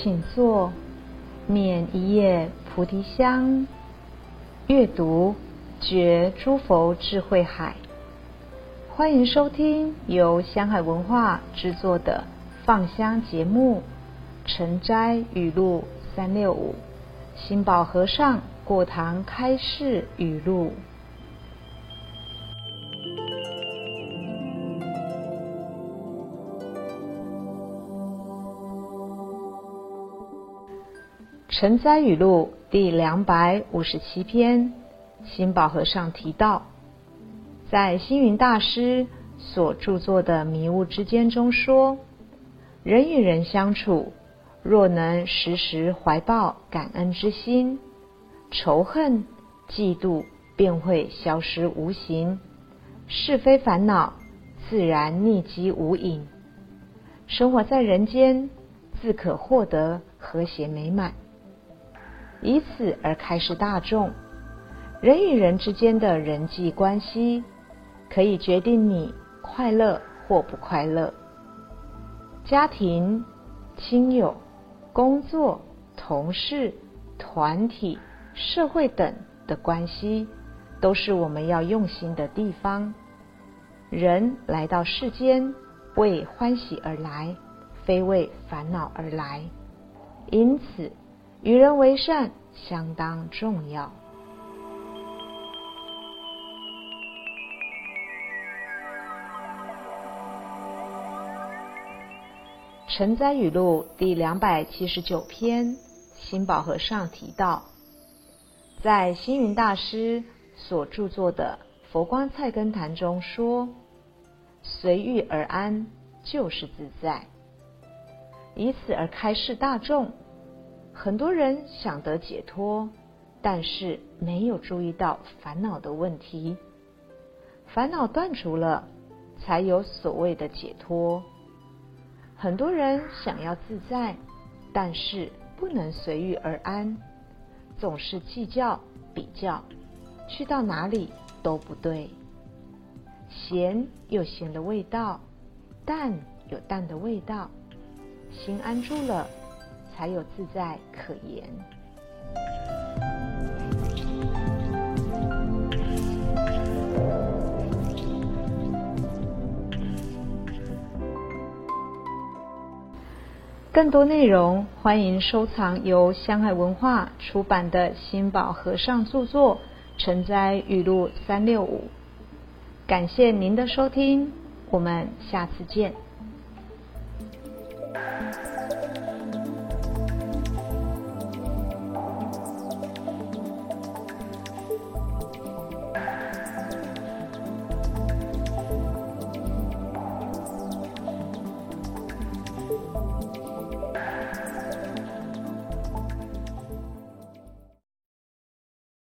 請坐，捻一葉菩提香，閱讀覺諸佛智慧海。歡迎收聽由香海文化製作的放香節目《晨齋語錄》三六五，心保和尚過堂開示語錄。《晨齋語錄》第兩百五十七篇，心保和尚提到，在星雲大師所著作的《迷悟之間》中說，人與人相處，若能時時懷抱感恩之心，仇恨、嫉妒便會消失無形，是非煩惱自然匿跡無影，生活在人間，自可獲得和諧美滿。以此而開示大眾，人與人之間的人際關係，可以決定你快樂或不快樂。家庭、親友、工作、同事、團體、社會等的關係，都是我們要用心的地方。人來到世間，為歡喜而來，非為煩惱而來。因此，與人為善相當重要。晨齋語錄第兩百七十九篇，心保和尚提到，在星雲大師所著作的《佛光菜根譚》中說：“隨遇而安就是自在，以此而開示大眾。”很多人想得解脫，但是沒有注意到煩惱的問題。煩惱斷除了，才有所謂的解脫。很多人想要自在，但是不能隨遇而安，總是計較比較，去到哪裡都不對。鹹有鹹的味道，淡有淡的味道，心安住了。才有自在可言。更多內容，歡迎收藏由香海文化出版的《心保和尚著作晨齋語錄》三六五。感謝您的收聽，我們下次見。